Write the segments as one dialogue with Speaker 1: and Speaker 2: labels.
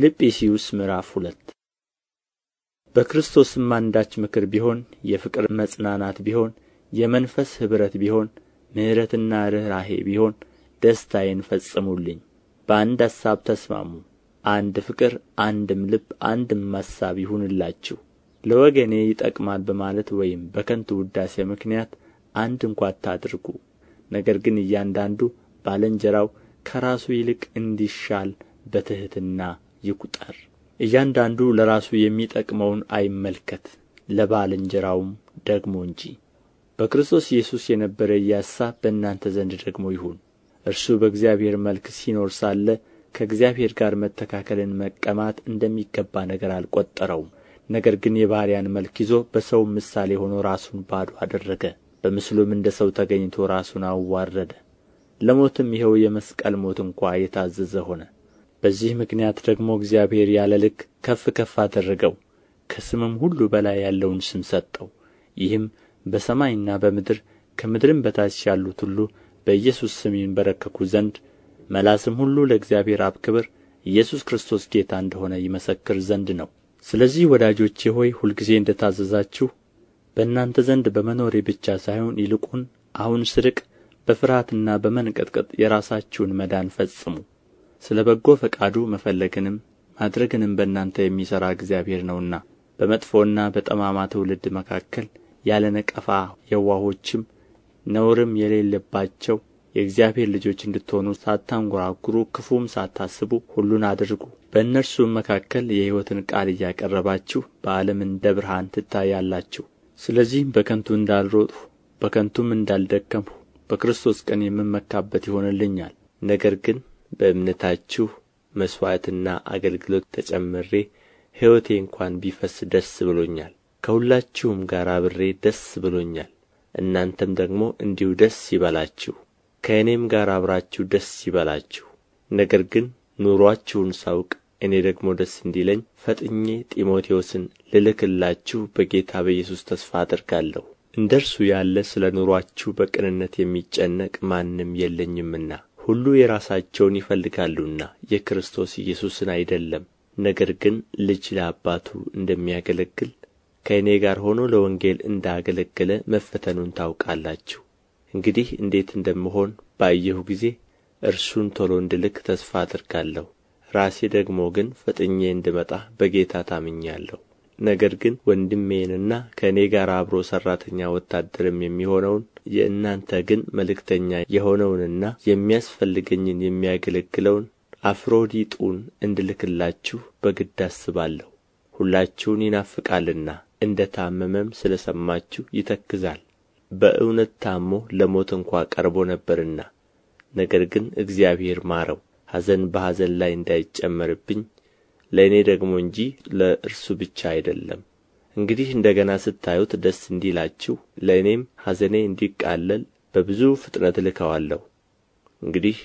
Speaker 1: ፊልጵስዩስ ምዕራፍ ሁለት በክርስቶስም አንዳች ምክር ቢሆን የፍቅር መጽናናት ቢሆን የመንፈስ ኅብረት ቢሆን ምሕረትና ርኅራኄ ቢሆን ደስታዬን ፈጽሙልኝ። በአንድ አሳብ ተስማሙ፣ አንድ ፍቅር፣ አንድም ልብ፣ አንድም አሳብ ይሁንላችሁ። ለወገኔ ይጠቅማል በማለት ወይም በከንቱ ውዳሴ ምክንያት አንድ እንኳ አታድርጉ። ነገር ግን እያንዳንዱ ባልንጀራው ከራሱ ይልቅ እንዲሻል በትሕትና ይቁጠር እያንዳንዱ ለራሱ የሚጠቅመውን አይመልከት ለባልንጀራውም ደግሞ እንጂ በክርስቶስ ኢየሱስ የነበረ ይህ አሳብ በእናንተ ዘንድ ደግሞ ይሁን እርሱ በእግዚአብሔር መልክ ሲኖር ሳለ ከእግዚአብሔር ጋር መተካከልን መቀማት እንደሚገባ ነገር አልቈጠረውም ነገር ግን የባሪያን መልክ ይዞ በሰውም ምሳሌ ሆኖ ራሱን ባዶ አደረገ በምስሉም እንደ ሰው ተገኝቶ ራሱን አዋረደ ለሞትም ይኸው የመስቀል ሞት እንኳ የታዘዘ ሆነ በዚህ ምክንያት ደግሞ እግዚአብሔር ያለ ልክ ከፍ ከፍ አደረገው ከስምም ሁሉ በላይ ያለውን ስም ሰጠው ይህም በሰማይና በምድር ከምድርም በታች ያሉት ሁሉ በኢየሱስ ስም ይንበረከኩ ዘንድ መላስም ሁሉ ለእግዚአብሔር አብ ክብር ኢየሱስ ክርስቶስ ጌታ እንደሆነ ይመሰክር ዘንድ ነው። ስለዚህ ወዳጆቼ ሆይ ሁልጊዜ እንደ ታዘዛችሁ በእናንተ ዘንድ በመኖሬ ብቻ ሳይሆን ይልቁን አሁን ስርቅ በፍርሃትና በመንቀጥቀጥ የራሳችሁን መዳን ፈጽሙ። ስለ በጎ ፈቃዱ መፈለግንም ማድረግንም በእናንተ የሚሠራ እግዚአብሔር ነውና በመጥፎና በጠማማ ትውልድ መካከል ያለ ነቀፋ የዋሆችም ነውርም የሌለባቸው የእግዚአብሔር ልጆች እንድትሆኑ ሳታንጎራጉሩ ክፉም ሳታስቡ ሁሉን አድርጉ። በእነርሱም መካከል የሕይወትን ቃል እያቀረባችሁ በዓለም እንደ ብርሃን ትታያላችሁ። ስለዚህም በከንቱ እንዳልሮጥሁ በከንቱም እንዳልደከምሁ በክርስቶስ ቀን የምመካበት ይሆንልኛል። ነገር ግን በእምነታችሁ መሥዋዕትና አገልግሎት ተጨምሬ ሕይወቴ እንኳን ቢፈስ ደስ ብሎኛል ከሁላችሁም ጋር አብሬ ደስ ብሎኛል እናንተም ደግሞ እንዲሁ ደስ ይበላችሁ ከእኔም ጋር አብራችሁ ደስ ይበላችሁ ነገር ግን ኑሮአችሁን ሳውቅ እኔ ደግሞ ደስ እንዲለኝ ፈጥኜ ጢሞቴዎስን ልልክላችሁ በጌታ በኢየሱስ ተስፋ አደርጋለሁ እንደ እርሱ ያለ ስለ ኑሮአችሁ በቅንነት የሚጨነቅ ማንም የለኝምና ሁሉ የራሳቸውን ይፈልጋሉና የክርስቶስ ኢየሱስን አይደለም ነገር ግን ልጅ ለአባቱ እንደሚያገለግል ከእኔ ጋር ሆኖ ለወንጌል እንዳገለገለ መፈተኑን ታውቃላችሁ። እንግዲህ እንዴት እንደምሆን ባየሁ ጊዜ እርሱን ቶሎ እንድልክ ተስፋ አድርጋለሁ። ራሴ ደግሞ ግን ፈጥኜ እንድመጣ በጌታ ታምኛለሁ። ነገር ግን ወንድሜንና ከእኔ ጋር አብሮ ሠራተኛ ወታደርም የሚሆነውን የእናንተ ግን መልእክተኛ የሆነውንና የሚያስፈልገኝን የሚያገለግለውን አፍሮዲጡን እንድልክላችሁ በግድ አስባለሁ ሁላችሁን ይናፍቃልና እንደ ታመመም ስለ ሰማችሁ ይተክዛል በእውነት ታሞ ለሞት እንኳ ቀርቦ ነበርና ነገር ግን እግዚአብሔር ማረው ሐዘን በሐዘን ላይ እንዳይጨመርብኝ ለእኔ ደግሞ እንጂ ለእርሱ ብቻ አይደለም እንግዲህ እንደ ገና ስታዩት ደስ እንዲላችሁ ለእኔም ሐዘኔ እንዲቃለል በብዙ ፍጥነት እልከዋለሁ እንግዲህ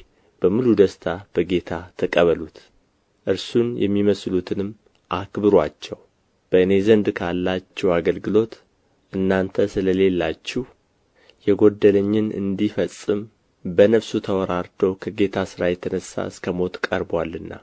Speaker 1: በሙሉ ደስታ በጌታ ተቀበሉት እርሱን የሚመስሉትንም አክብሩአቸው በእኔ ዘንድ ካላችሁ አገልግሎት እናንተ ስለሌላችሁ የጎደለኝን እንዲፈጽም በነፍሱ ተወራርዶ ከጌታ ሥራ የተነሣ እስከ ሞት ቀርቦአልና